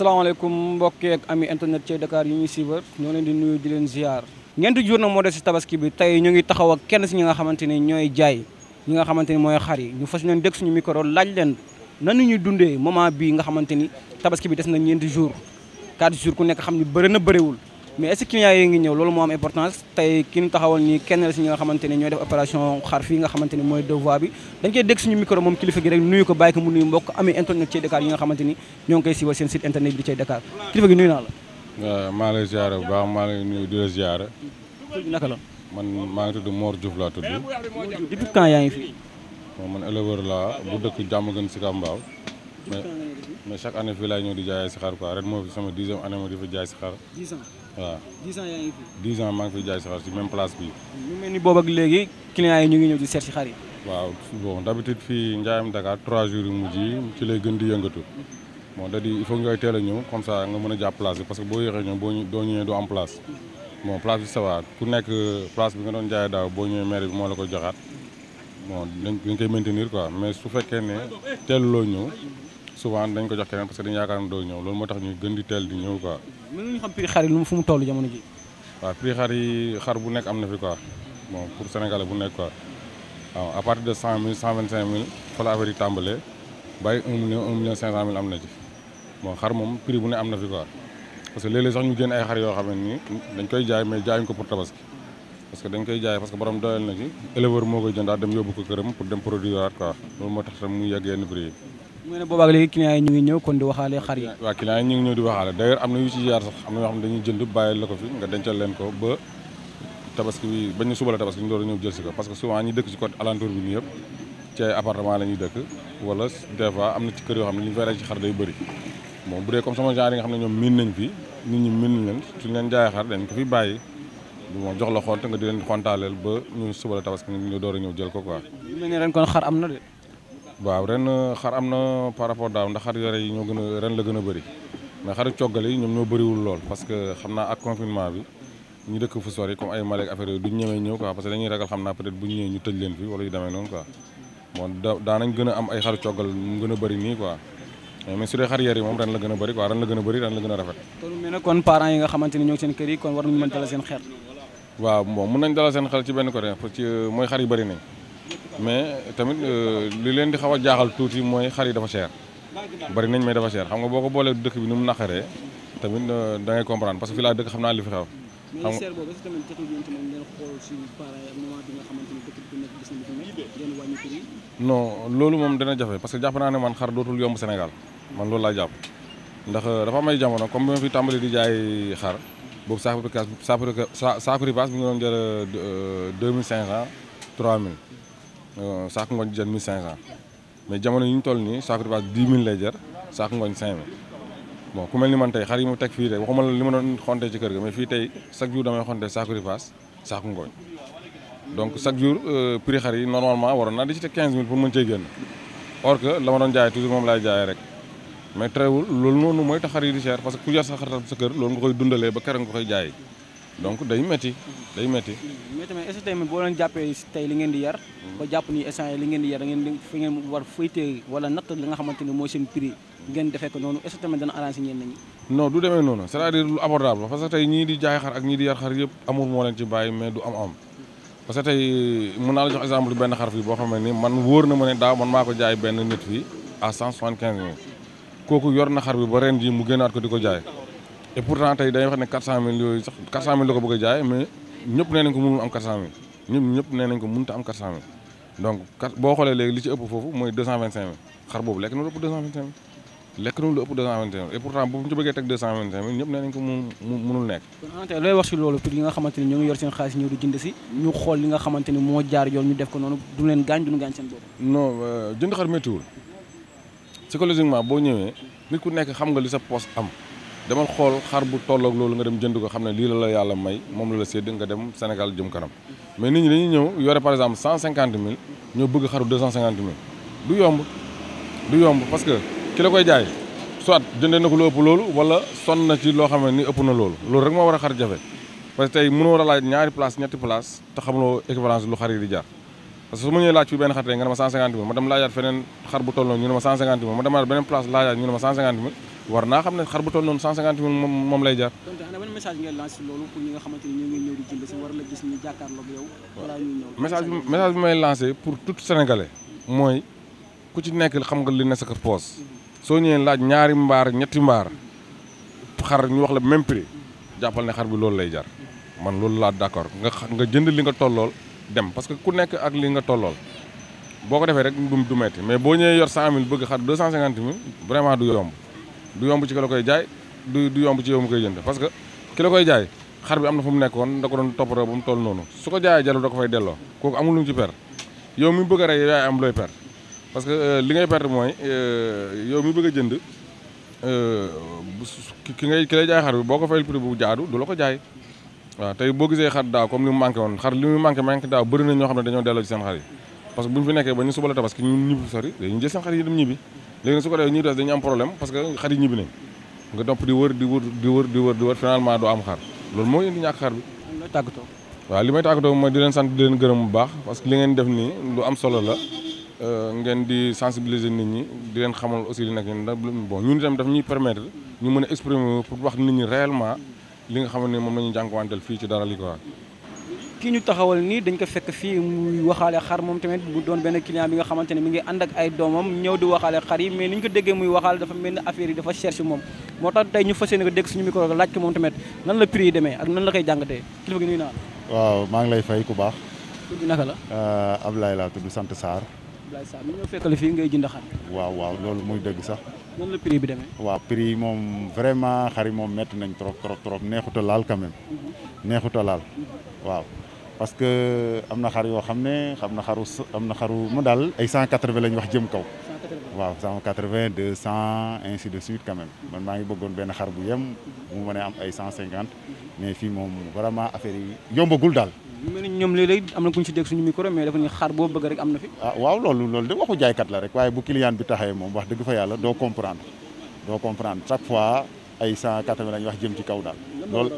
asalaamaaleykum mbokki ak ami internet ci Dakar yu ñuy siibar ñoo leen di nuyu di leen ziar ñeenti jour nag moo des si tabaski bi tey ñu ngi taxaw ak kenn si ñi nga xamante ni ñooy jaay ñi nga xamante ni mooy xar yi ñu fas leen dégg suñu micro laaj leen nan nanu ñuy dundee moment bii nga xamante ni tabaski bi des na ñeenti jour 4 jours ku nekk xam ni bëri na bëriwul mais est-ce que clients ngi ñëw loolu moo am importance tey ki ñu taxawal nii kenn la si nga xamante ne ñooy def opération xar fii nga xamante mooy deux bi dañ koy suñu micro moom kilifa gi nuyu ko bàyyi ko mu nuyu mbokk amee internet ci Dakar yi nga xamante ñoo ngi koy siiwal seen site internet bi ci Dakar kilifa gi nuyu naa la maa lay ziar bu baax maa lay nuyu di la ziar naka la man maa ngi tudd Mor Diouf laa tudd yaa ngi fii man éleveur laa bu dëkk jàmm gën si Kambaaw di jaayee waaw dix ans yaa ngi fi. dix ans maa ngi fi jaay si xar si même bi ñu mel ni boobu ak léegi clients yi ñu ngi ñëw di seet si xar waaw bon d'habitude fii njaayam Dakar trois jours yu mujj yi ci lay gën di yëngatu moo da di il faut ngay teel a ñëw comme ça nga mën a jàpp place bi parce que boo yéexee ñëw boo doo ñëwee doo am place bon place bi ça va ku nekk place bi nga doon jaay daaw boo ñëwee maire bi moo la ko joxaat bon dañ koy maintenir quoi mais su fekkee ne teeluloo ñëw. souvent dañ ko jox keneen parce que dañu yaakaar ne doo ñëw loolu moo tax ñu gën di teel di ñëw quoi. mën nañu xam prix xar yi lu mu fu mu toll jamono ji. waaw prix xar yi xar bu nekk am na fi quoi bon pour sénégalais bu nekk quoi waaw de cent mille cent vingt cinq mille fa la affaire yi tàmbalee bàyyi am na ci bon xar moom prix bu ne am na fi parce que léeg sax ñu génn ay xar yoo xam ne nii dañ koy jaay mais jaayuñ ko pour tabaski parce que dañ koy jaay parce que borom doyal na ci éleveur moo koy jëndaat dem yóbbu ko këram pour dem produire waat quoi loolu moo tax tam mu yegg yenn prix mu ne boobaag léegi client yi ñu ngi ñëw kon di waxaale xar yi waaw am na yu ci jaar sax am na yoo jënd bàyyil la ko fi nga dencal a ñëw na ci yoo xam ne li ñu fay rey ci xar day bëri bon ñoom miin nañ fi nit ñi miin nañ leen suñ leen jaayee xar dañ ko fi jox la xont nga di leen xontaaleel ba ñu suba la tabaski ñu door a ñëw jël ko quoi am na de waaw ren euh, xar am na par rapport daaw ndax xar yore yi a ren la gën a bëri mais xaru coggal yi ñoom ñoo bëriwul lool parce que xam naa ak confinement bi ñu dëkk fu sori comme ay Malek affaire yooyu duñ ñemee ñëw quoi parce que ñu ñëwee ñu tëj leen fi wala yu demee noonu quoi bon daanañ gën a am ay xaru coggal mu gën a bëri nii quoi mais xar moom ren la gën a bëri quoi a bëri a rafet kon na kon parents yi seen kër yi kon war nañu seen xel waaw bon mën nañ dalal seen xel ci benn côté parce euh, mooy xar yi bëri nañ mais tamit euh, li leen di xaw a jaaxal tuuti mooy xar yi dafa cher bari nañ mais dafa cher xam nga boo ko boolee dëkk bi nu mu naqaree tamit euh, da ngay comprendre parce que fi laa dëkk xam naa li fi xew. xam loolu moom dana jafe parce que jàpp naa ne man xar dootul yomb Sénégal man loolu laa jàpp ndax euh, dafa am jamono comme bi ma fi tàmbali di jaay xar boobu saako prix saako prix paas bi nga doon jar deux mille cinq cent trois mille saako ngooñ jar 1500 mais jamono yi ñu toll nii saako ripaas 10000 lay jar saako ngooñ 5000 bon ku mel ni man tey xar yi mu teg fii tey waxuma la li ma doon xontee ci kër ga mais fii tey chaque jour damay xontee saako ripaas saako ngooñ donc chaque jour prix xar yi normalement waroon naa di ci teg 15000 pour mën cee génn or que la ma doon jaayee toujours moom laay jaayee rek mais terewul loolu noonu mooy tax xar yi di cher parce que ku jar sa xar sa kër loolu nga koy dundalee ba keroog nga koy jaay donc day métti day métti. mais tamit boo leen jàppee tey li ngeen di yar. ba jàpp nii instant li ngeen di yar da ngeen fi ngeen war faytee wala natt li nga xamante ni mooy seen prix ngeen defee ko noonu est-ce que tamit dana arrangé ñenn ñi. non du demee noonu c'est-à-dire lu abordable parce que tey ñii di jaay xar ak ñii di yar xar yëpp amul moo leen ci bàyyi mais du am-am. parce que tey mën naa la jox exemple benn xar fii boo xam ne man wóor na ma ne daaw man maa ko jaay benn nit fii à cent soixante na xar bi ba ren mu génnaat ko di ko jaay. et pourtant tey dañuy wax ne 400000 yooyu sax 400000 la ko bëgg a jaay mais ñëpp nee ko mënul am 400000 ñun ñëpp ko mënut am 400000 donc kat boo xoolee léegi li ci ëpp foofu mooy 225000 xar boobu lekk na lu ëpp 225000 lekk na lu ëpp 225000 et pourtant bu ñu ci bëggee teg 225000 ñëpp nee nañ ko mu mënul nekk. kon tey looy wax si loolu pour ñi nga xamante ni ñoo ngi yor seen xaalis ñëw di jënd si ñu xool li nga xamante ko noonu du leen gaañ du ñu gaañ seen bopp. non euh, jënd xar méttiwul psychologiquement boo ñëwee nit ku nekk xam nga li sa poche am demal xool xar bu tolloog loolu nga dem jënd ko xam ne lii la la yàlla may moom la la sédd nga dem Sénégal jëm kanam mais nit ñi dañuy ñëw yore par exemple cent cinquante mille ñoo bëgg xaru deux cent cinquante mille du yomb du yomb parce que ki la koy jaay soit jëndee na ko lu ëpp loolu wala sonn na ci loo xam ne ni ëpp na loolu loolu rek moo war a xar jafe parce que tey mënoo a laaj ñaari place ñetti place te xamuloo équivalence lu xar yi di jar parce que su ma ñëwee laaj fii benn xar tey nga ne ma 150 000 ma dem laajaat feneen xar bu toll noonu ñu ne ma 150 000 ma demaat beneen pour ñi nga jënd mooy ku ci nekk xam nga li ne sa poos. soo ñëwee laaj ñaari mbaar ñetti mbaar xar ñu wax la même prix jàppal ne xar bi loolu lay jar man loolu laa d'accord nga nga jënd li nga tollool dem parce que ku nekk ak li nga tollool boo ko defee rek du du metti mais boo ñëwee yor cent 100000 bëgg xar 250000 vraiment du yomb du yomb ci ki la koy jaay du du yomb ci yow mu koy jënd parce que ki la koy jaay xar bi am na fu mu nekkoon da ko doon toppatoo ba mu toll noonu su ko jaayee jarul da ko fay delloo kooku amul lu ci per yow mi bëgg a rey yaay am looy per parce que euh, li ngay perte mooy euh, yow mi bëgg a jënd euh, ki ngay ki lay jaay xar bi boo ko fayul prix bu jaadu du la ko jaay waaw tey boo gisee xar daaw comme li mu manqué woon xar li mu manqué manqué daaw bëri na ñoo xam ne dañoo delloo ci seen xar yi parce que bu ñu fi nekkee ba ñu suba la tabaski ñu seen xar yi dañu am problème parce que xar yi ñibbi nañ nga topp di wër di wër di wër di wër finalement doo am xar loolu moo indi ñàkk xar bi waaw li may tàggatoo mooy di leen sant di leen gërëm bu baax parce que li ngeen def nii lu am solo la euh, ngeen di sensibiliser nit ñi di leen xamal aussi li nekk ñun bon ñun itam daf ñuy permettre ñu mën a exprimer pour wax nit ñi réellement li nga xam ne moom la ñu jànkuwanteel fii ci dara li quoi. ki ñu taxawal nii dañ ko fekk fii muy waxaale xar moom tamit bu doon benn client bi nga xamante ne mi ngi ànd ak ay doomam ñëw di waxaale xar yi mais ni ñu ko déggee muy waxaal dafa mel ni affaire yi dafa cherche moom moo tax tey ñu fas yéene ko dégg suñu micro laaj ko moom tamit nan la prix yi demee ak nan la koy jàngatee kilifa gi nuyu naa waaw maa ngi lay fay ku baax. tudd naka la. Euh, Ablaye laa tudd sant Sarr. Ablaye Sarr ñu fekkale fii ngay jënd xar. waaw loolu muy dëgg sax. nan bi demee. waaw prix yi moom vraiment xar moom métti nañ trop trop trop neexut laal quand même. Mm-hmm. neexut laal mm-hmm. waaw. parce que am na xar yoo xam ne xam na xaru am na xaru mu daal ay 180 lañ wax jëm kaw. waaw 180 200 ainsi de suite quand même man maa ngi bëggoon benn xar bu yem mm-hmm. mu mën am ay 150 mais fii moom vraiment affaire yi yombagul daal. mën ñoom léeg-léeg am na ku ñu si dégg suñu micro mais dafa ñu xaar boo bëgg rek am na fi ah waaw loolu loolu de waxu jaaykat la rek waaye bu client bi taxe moom wax dëgg fa yàlla doo comprendre doo comprendre chaque fois ay cent quatre-vingts lañ wax jëm ci kaw daal loolu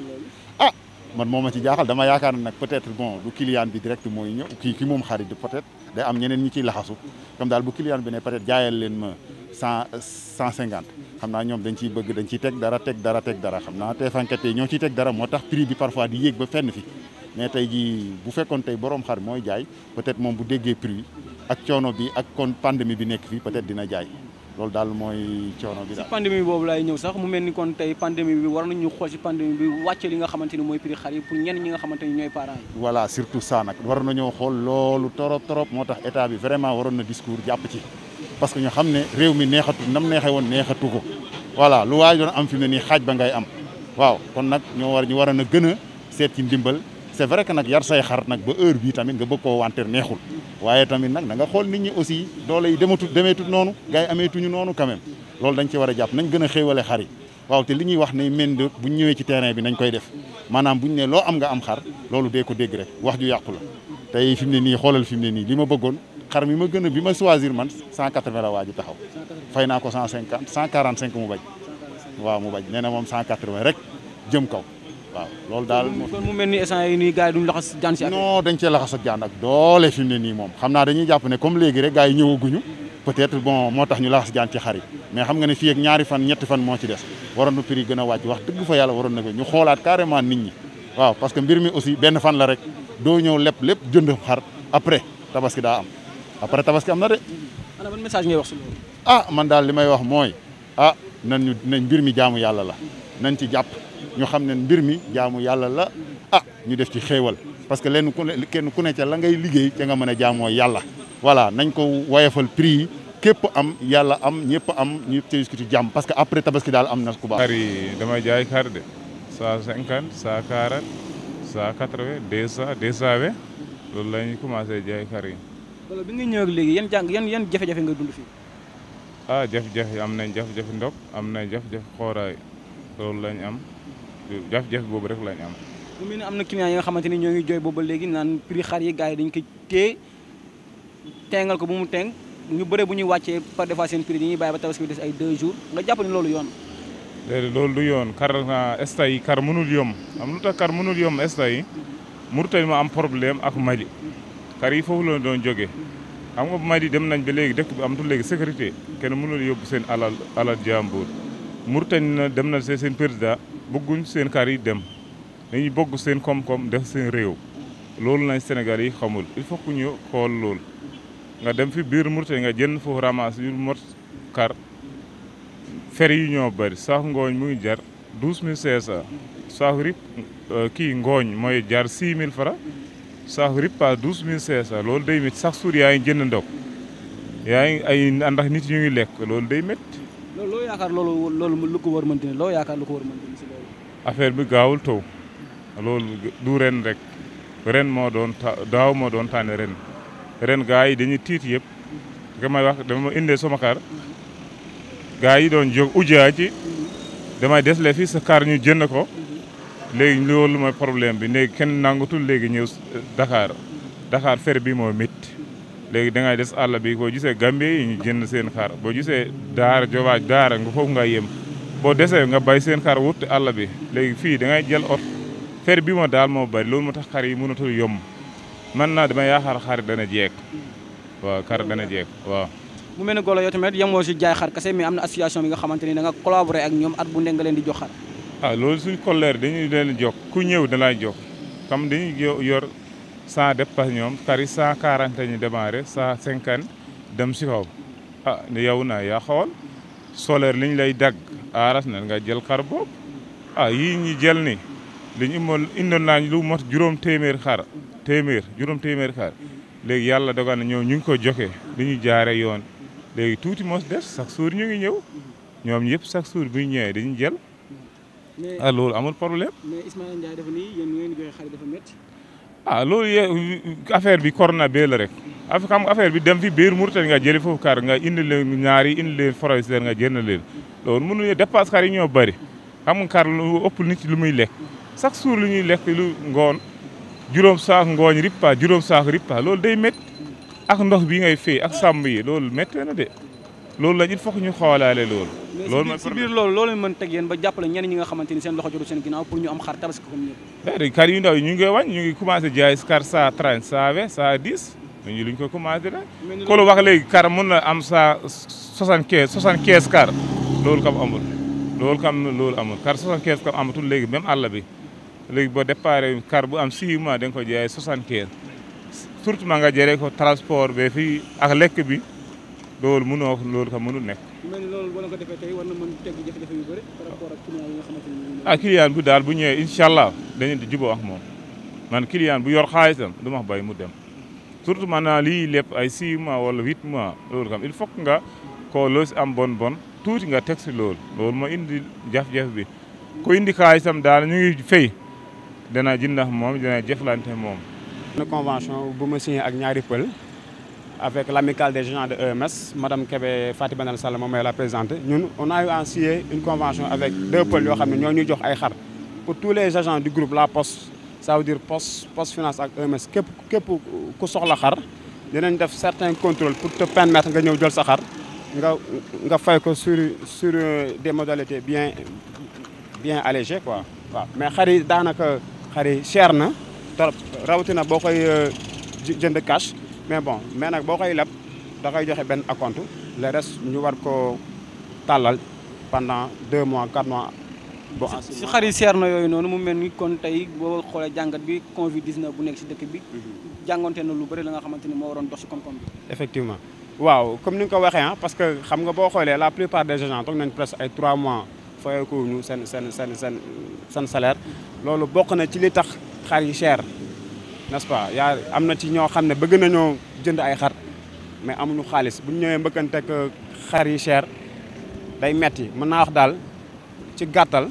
ah man moo a ci jaaxal dama yaakaar nag peut-être bon du client bi direct mooy ñëw kii ki moom xarit peut-être day am ñeneen ñi ciy laxasu comme daal bu client bi ne peut-être jaayal leen ma naa ñoom dañ ciy bëgg dañ ciy teg dara teg dara teg dara xam naa teefankat yi ñoo ciy teg dara moo tax prix bi parfois di yéeg fi mais tey jii bu fekkoon tey borom xar mooy jaay peut-être moom bu déggee prix ak coono bi ak kon pandémie bi nekk fii peut-être dina jaay loolu daal mooy coono bi daal. si pandémie boobu laay ñëw sax mu mel ni kon tey pandémie bi war nañu xool si pandémie bi wàcce li nga xamante ni mooy prix xar yi pour ñenn ñi nga xamante ni ñooy parents yi. voilà surtout ça nag war nañoo xool loolu trop trop moo tax état bi vraiment waroon na discours jàpp ci parce que ñu xam ne réew mi neexatu nam neexee woon neexatu ko voilà lu waay am fi mu nii xaaj ba ngay am waaw kon nag ñoo war ñu war a gën a seet ci c'est vrai que nag yar say xar nag ba heure bii tamit nga bëgg koo wanteer neexul waaye tamit nag da nga xool nit ñi aussi doole yi dematut demeetut noonu gars yi ameetuñu noonu quand même loolu dañ ci war a jàpp nañ gën a xéewale xar yi waaw te li ñuy wax ne ménd bu ñu ñëwee ci terrain bi nañ koy def maanaam bu ne loo am nga am xar loolu dee ko dégg rek wax ju yàqu la tey fi mu ne nii xoolal fi mu ne nii li ma bëggoon xar mi ma gën a bi ma choisir man cent la waa ji taxaw fay naa ko 150 145 mu bañ waaw mu bañ nee na moom 180 rek jëm waaw loolu daal kon mu mel ni yi nii gars yi duñ laxas jaan dañ cee laxas ak jaan ak doole fi ne nii moom xam naa dañuy jàpp ne comme léegi rek gars yi ñëwaguñu peut-être bon moo tax ñu laxas jaan ci xar yi mais xam nga ne fii ak ñaari fan ñetti fan moo ci des waroon na prix gën a wàcc wax dëgg fa yàlla waroon na ko ñu xoolaat carrément nit ñi waaw parce que mbir mi aussi benn fan la rek doo ñëw lépp lépp jënd xar après tabaski daa am après tabaski am na de message ngay wax si ah man daal li may wax mooy ah na ñu nañ mbir mi jaamu yàlla la nañ ci jàpp ñu xamne mbir mi jaamu yalla la ah ñu def ci xéewal parce que lenn ku ne kenn ku ne ca la ngay liggéey ca nga mëna jaamo yalla voilà nañ ko woyofal prix képp am yalla am ñepp am ñëpp ci discuter jàmm parce que après tabaski dal am na ku baax. xar dama jaay xar de 150 140 180 200 cent quatre lañ commencé jaay xar yi. loolu bi nga ñëw ak léegi yan jàng yeen yan jafé jafe nga dund fi ah jafé jafé am nañ jafé jafé ndop am nañ jafé jafé xooraay loolu lañ am. jafe-jafe boobu rek lañ am. mu mel ni am na client yi nga xamante ni ngi jooy boobu léegi naan prix yi gars dañ ko téye ko bu mu teng ñu bëre bu ñuy wàccee par des fois seen prix dañuy bàyyi ba tabaski bi des ay deux jours nga jàpp ni loolu yoon. déedéet loolu yoon kar ah, esta yi kar mënul yom am lu tax kar mënul yomb esta yi Mauritanie ma am problème ak Mali kar yi foofu la doon jógee xam nga Mali dem nañ ba léegi dëkk bi amatul léegi sécurité kenn mënul yóbbu seen alal alal jàmbur bëgguñ seen kar yi dem dañuy bëgg seen koom-koom def seen réew loolu lañ Sénégal yi xamul il faut ñu xool lool nga dem fi biir Mourtani nga jënd foofu ramas yu mot kar fer yi ñoo bëri sax ngooñ mu ngi jar douze mille cinq cent saaf rip euh, kii ngooñ mooy jar six mille francs saaf rip pas douze mille cinq cent loolu day métti sax suur yaa ngi jën ndox yaa ngi ay ndax nit ñu ngi lekk loolu day métti. loolu loo yaakaar loolu loolu lu ko war mënti loo yaakaar lu ko affaire bi gaawul taw loolu du ren rek ren moo doon ta daaw moo doon tànn ren ren gaa yi dañuy tiit yëpp nga may wax dama indee sama kar gaa yi doon jóg ujaa ci damay des le fii sa kar ñu jënd ko léegi loolu mooy problème bi léegi kenn nangutul léegi ñëw eh, Dakar Dakar fere bi moo métti léegi dangay des àll bi boo gisee Gambie yi ñu jënd seen xar boo gisee daar jobaaj daara nga foofu nga yem boo desee nga bay seen xar wut àll bi léegi fii dangay ngay jël ot fer bi ma daal moo bari loolu moo tax xar yi mënatul yomb man naa dama yaakaar xar dana jeeg waaw xar dana jeeg waaw. mu mel ne golo yoo tamit yemoo si jaay xar kese mais am na association bi nga xamante ni da nga collaborer ak ñoom at bu nekk nga leen di jox xar. ah loolu suñ colère dañuy leen jox ku ñëw dalay jox xam dañuy yor cent dépasse ñoom xar yi cent quarante ñu démarré cent cinquante dem si kaw ah yow na yaa xool solaire liñ lay dagg. aaras na nga jël xar boobu ah yii ñu jël ni liñ imoon indoon naa lu mot juróom téeméer xar téeméer juróom téeméer xar léegi yàlla dogal na ñoom ñu ngi ko joxe li ñu jaare yoon léegi tuuti mos des chaque jour ñu ñëw ñoom yëpp chaque jour bu ñu ñëwee dañu jël ah loolu amul problème ah loolu yee affaire bi corona bee la rek af ah, xam affaire bi dem fi biir Mauritanie nga jëli foofu kar nga indi leen ñaar yi indi leen forestier nga jënd leen loolu mënuñu dépasse xar yi ñoo bari xam nga kar lu ëpp nit lu muy lekk chaque jour lu ñuy lekk lu ngoon juróom saak ngooñ rippa juróom saak rippa lool day métti ak ndox bi ngay fay ak sàmm yi loolu métti na de loolu la il faut ñu xoolaale loolu lool mooy problème mais si biir loolu loolu mën teg yéen ba jàppale ñenn ñi nga xamante ni seen loxo jotul seen ginnaaw pour ñu am xar tabaski comme ñëpp. c'est-à-dire eh, xar yu ndaw yi ñu ngi koy wàññi ñu ngi commencé jaay xar cent trente cent na loolu amul. loolu kam loolu amatul léegi même àll bi léegi boo départ xar bu am six mois da nga ko jaayee soixante quinze surtout ma nga jëree ko transport be fii ak lekk bi loolu mënoo loolu ka mënul nekk. mel loolu bu ah, daal bu ñëwee incha allah dañu di juboo ak moom man client bu yor xaalisam du ma mu dem surtout maanaam lii lépp ay 6 mois wala 8 mois loolu kam il faut nga koo loo si am bon bon tuuti nga teg si loolu loolu moo indi jafe-jafe bi ku indi xaalisam daal ñu ngi fay dana jënd ak moom dana jëflante moom. bu ma ak ñaari pël. avec l'amicale des gens de EMS, Mme Kebé Fatih Benal Salam est la présidente. Nous, on a eu à une convention avec deux pôles pour tous les agents du groupe La Poste, ça veut dire Poste, Poste Finance et EMS, qui ont soxla xar dinañ def certains contrôles pour te permettre de ñëw jël sa xar nga nga fay sur sur des modalités bien bien allégées quoi waaw mais xar dans, daanaka xar yi cher na trop rawatina un euh, de cash mais bon mais nak boo lab da koy joxe ben acompte le reste ñu war ko talal pendant 2 mois 4 mois. bon si xari yi seer na yooyu noonu mu mel ni kon tay bo xolé jangat bi Covid 19 bu nek ci dëkk bi. Mhm. jangonté na lu bari la nga xamante mo waron waroon dox si koom-koom bi. effectivement waaw comme ni nga waxé hein ah, parce que xam nga bo xolé la plupart des gens toog nañ presque ay 3 mois ko ñu sen sen sen sen sen salaire loolu bok na ci li tax xari cher. n'est-ce pas yaa am ci ño xamne bëgg nañu jënd ay xar mais amuñu xaaliss bu ñëwé mbëkënte ak euh, xar yi cher day metti mën naa wax dal ci gattal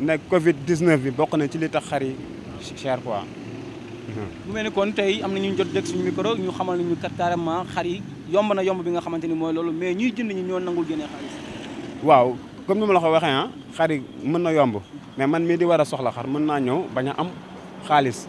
ne Covid 19 bi bokk na ci li tax xar yi cher quoi. bu melni kon tay amna ñu jot dekk suñu micro ñu xamal ñu kat carrément xar yi yomb na yomb bi nga xamanteni moy lolu mais ñuy jënd ñi ñoo nangul gëné xaaliss waaw comme nima la ko waxé ah xar yi mën na yomb mais man mi di wara soxla xar mën naa ñëw baña am xaaliss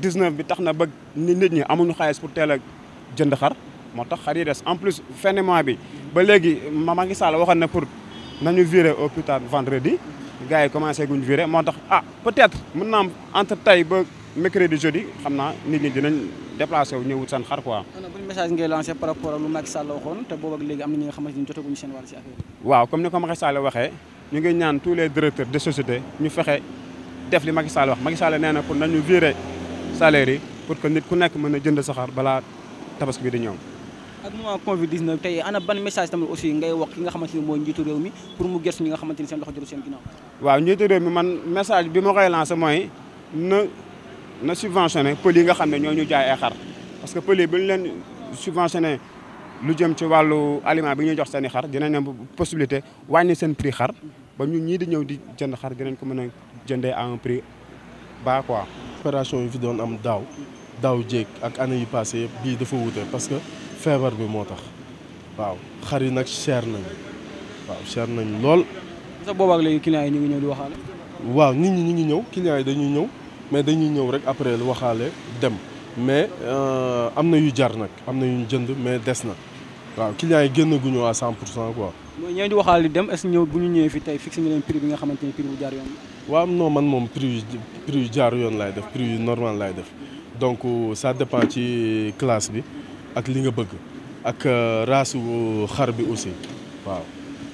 19 bi taxna ba nit ñi amuñu xaliss pour téla jënd xar motax tax xar yi des en plus fin de mois bi ba léegi Macky Sall waxoon na pour nañu virer au plus tard vendredi gaay commencé guñu virer motax ah peut-être mën naa am entre tey ba mercredi jeudi xamna nit ñi dinañ déplacer wu ñëwut seen xar quoi. buñu message ngay lancé par rapport lu Macky Sall waxoon té boobu ak légui am na ñi nga xamante ni jotaguñu seen wàll ci affaire waaw comme ni ko Macky Sall waxé ñu ngi ñaan tous les directeurs de société ñu fexé def li Macky Sall wax Macky Sall néna pour nañu virer. salaire pour que nit ku nekk mën a jënd saxaar balaa tabaski bi di ñëw. ak moment Covid 19 tey ana ban message tamit aussi ngay wax ki nga xamante ni mooy njiitu réew mi pour mu gëstu ñi nga xamante ni seen loxo jëru seen ginnaaw. waaw njiitu man message bi ma koy lancé mooy na na subventionné pël yi nga xam ne ñoo ñu jaay ay xar parce que pël yi bu ñu leen subventionné lu jëm ci wàllu aliment bi ñuy jox seen i xar dinañ am possibilité wàññi seen prix xar ba ñu ñii di ñëw di jënd xar dinañ ko mën a jëndee à un prix. baa quoi. opération yi fi doon am daw daw jéeg ak année yi passé yëpp bii dafa wuute parce que feebar bi moo tax waaw xar yi nag cher nañ waaw cher nañ lool. sa boobaak léegi client yi ñu ngi ñëw di waxaale. waaw nit ñi ñu ngi ñëw client yi dañuy ñëw mais dañuy ñëw rek après waxaale dem mais euh, am na yu jar nag am na yu jënd mais des na. waaw clients yi génn gu ñu à 100 pour cent quoi. mooy ñooñu di waxaale dem est ce ñëw bu ñu ñëwee fii tey fixé nga leen prix bi nga xamante ni prix bu jaar yoon man moom prix prix yu jaar yoon laay def prix yu normal laay def donc sa dépend ci classe bi ak li nga bëgg ak euh, raasu xar bi aussi waaw.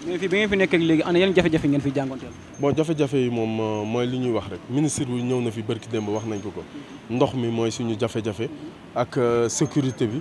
mais fii bi ngeen fi nekk ak léegi ana yan jafe-jafe ngeen fi jàngonteel. boo jafe-jafe yi moom euh, mooy li ñuy wax rek ministre bi ñëw na fi barki démb wax nañ ko ko ndox mi mooy suñu jafe ak euh, sécurité bi.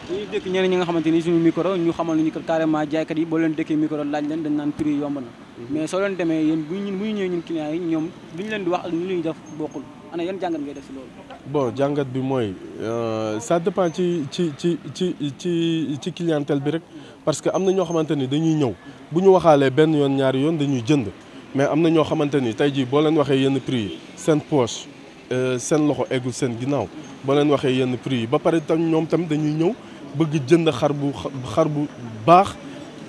dañuy dëkk ñeneen ñi nga xamante ni suñu micro ñu xamal ñu kat carrément jaaykat yi boo leen dëkkee micro laaj leen dañ naan prix yomb na mhm. mais soo leen demee yéen bu ñu bu yi ñoom li leen di wax ak ñu def bokkul ana yan jàngat ngay def si jàngat bi mooy euh, ça dépend ci ci ci ci ci ci clientèle bi rek parce que am na ñoo xamante ni dañuy ñëw bu ñu waxaalee benn yoon ñaari yoon dañuy jënd mais am na ñoo xamante ni tey jii boo leen waxee yenn prix yi seen poche euh, seen loxo eggul seen ginnaaw boo leen waxee yenn prix yi ba pare tam ñoom tam dañuy ñëw bëgg jënd xar bu xar bu baax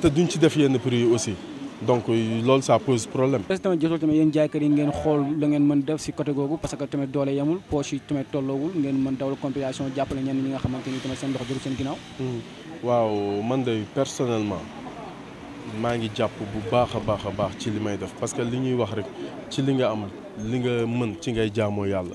te duñ ci def yenn prix yi aussi donc euh, loolu ça pose problème. est-ce que tamit jotul tamit yéen jaaykat yi ngeen xool la ngeen mën def si côté googu parce que tamit doole yemul poche yi tamit tolloowul ngeen mën dawal compilation jàppale ñenn ñi nga xamante ni tamit seen dox jëru seen ginnaaw. Hmm. waaw man de personnellement maa ngi jàpp bu baax a baax a baax ci li may def parce que li ñuy wax rek ci li nga am li nga mën ci ngay jaamoo yàlla.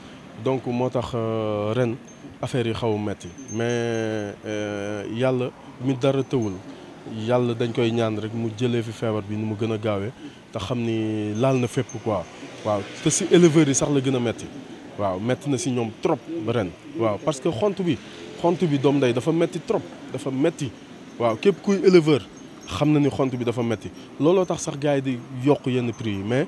donc moo tax euh, ren affaire yi xaw metti mais euh, yalla mi dara tëwul yalla dañ koy ñaan rek mu jëlee fi feebar bi ni mu gëna gaawé ta xamni laal na fépp quoi waaw te si éleveur yi sax la gëna metti waaw metti na si ñom trop ren waaw parce que xont bi xont bi dom day dafa metti trop dafa metti waaw képp kuy éleveur xam na ni xont bi dafa metti looloo tax sax gars yi di yokk yenn prix yi mais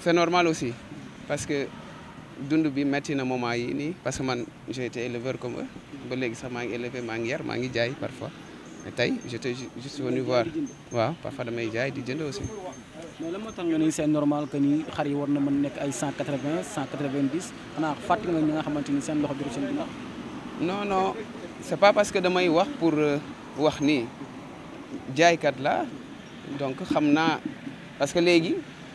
c'est normal aussi parce que dund bi metti na moment yi ni parce que man j'ai été éleveur comme eux ba légui sax maa ngi élevé maa ngi yar ngi jaay parfois mais je j'étais juste venu voir waaw parfois damay jaay di jënd aussi. mais lan moo nga ni c'est normal que ni xar yi war na mën nekk ay 180 190 ana cent nga nga xamanteni sen loxo biir sen dina non non c'est pas parce que damay wax pour euh, wax nii kat la donc xamna parce que légui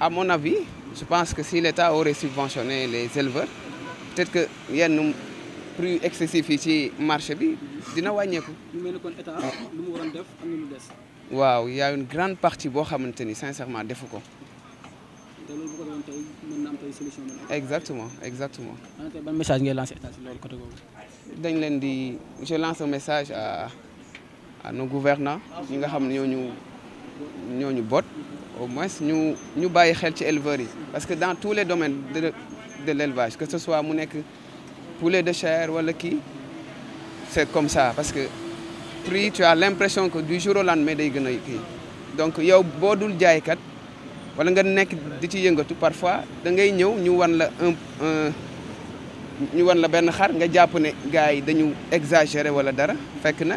à mon avis, je pense que si l'État aurait subventionné les éleveurs, peut-être qu'il y a un prix excessif ici marché bi dina ah. y a une grande partie boo xamante sincèrement defu ko exactement exactement ban message ngay lancé état je lance un message à à nos gouvernants nous bot au moins ñu ñu bàyyi xel ci éleveurs yi parce que dans tous les domaines de de l'élevage que ce soit mu poulet de chair wala qui c'est comme ça parce que prix tu as l'impression que du jour au lendemain day gën a donc yow boo dul jaaykat wala nga nekk di ci yëngatu parfois da ngay ñëw ñu wan la un ñu wan la benn xar nga japonais ne gars yi dañu exagérer wala dara fekk na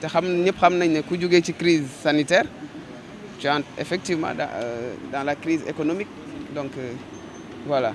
te xam ñëpp xam nañ ne ku ci crise sanitaire tu entres effectivement dans, euh, la crise économique donc euh, voilà